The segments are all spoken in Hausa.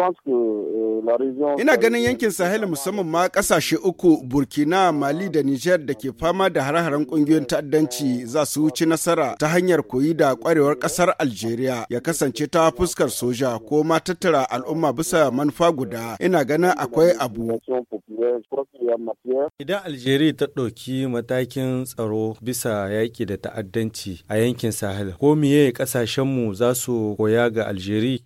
Euh, Ina ganin yankin Sahel musamman ma kasashe uku Burkina, Mali da Nijar da ke fama da hare-haren kungiyoyin ta'addanci za su wuce nasara ta hanyar koyi da kwarewar kasar Algeria ya kasance ta fuskar soja ko ma tattara al'umma bisa manufa guda. Ina ganin akwai abu. Idan Algeria ta ɗauki matakin tsaro bisa yaƙi da ta'addanci a yankin Sahel, ko miye ƙasashenmu za su koya ga Algeria?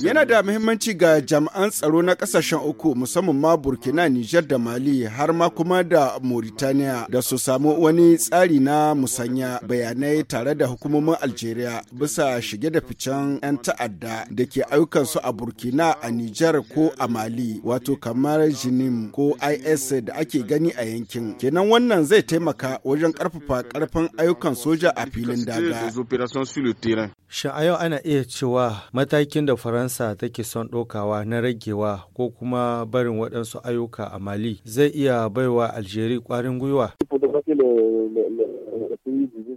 Yana da muhimmanci ga jami'an tsaro na ƙasashen uku musamman ma Burkina, Nijar da Mali har ma kuma da Mauritania da su samu wani tsari na musanya bayanai tare da hukumomin Algeria bisa shige da ficen 'yan ta'adda da ke ayyukansu a Burkina a Nijar ko a Mali wato kamar kyamar jinim ko is da ake gani a yankin kenan wannan zai taimaka wajen karfafa karfin ayyukan soja a filin daga shin a yau ana iya cewa matakin da faransa take son ɗaukawa na ragewa ko kuma barin waɗansu ayyuka a mali zai iya baiwa algeria ƙwarin gwiwa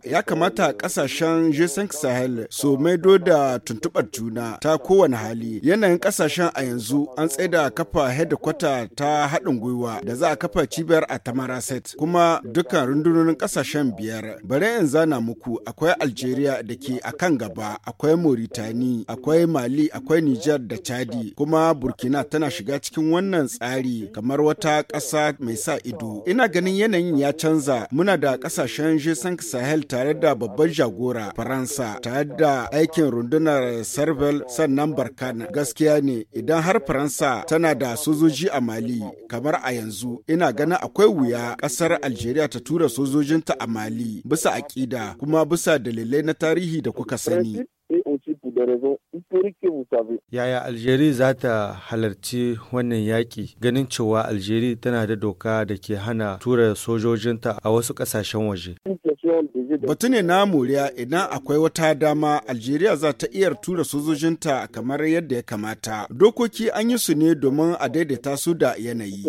Ya kamata kasashen g Sahel su maido da tuntuɓar juna ta kowane hali. Yanayin kasashen a yanzu an tsaida kafa hedikwata ta haɗin gwiwa da za a kafa cibiyar a Tamaraset kuma dukkan rundunonin kasashen biyar. Bari in zana muku akwai Algeria da ke a kan gaba, akwai Mauritani, akwai Mali, akwai niger da Chadi kuma Burkina tana shiga cikin wannan tsari kamar wata ƙasa mai sa ido. Ina ganin yanayin ya canza muna da kasashen g Sahel sahel tare da babban jagora faransa tare da aikin rundunar serval sannan barkan gaskiya ne idan har faransa tana da sojoji a mali kamar a yanzu ina ganin akwai wuya ƙasar algeria ta tura sojojinta a mali bisa aƙida kuma bisa dalilai na tarihi da kuka sani Yaya Algeria za ta halarci wannan yaƙi ganin cewa Algeria tana da doka da ke hana tura sojojinta a wasu ƙasashen waje? Batu ne na moriya idan akwai wata dama Algeria za ta iya tura sojojinta kamar yadda ya kamata. Dokoki an yi su ne domin a daidaita su da yanayi.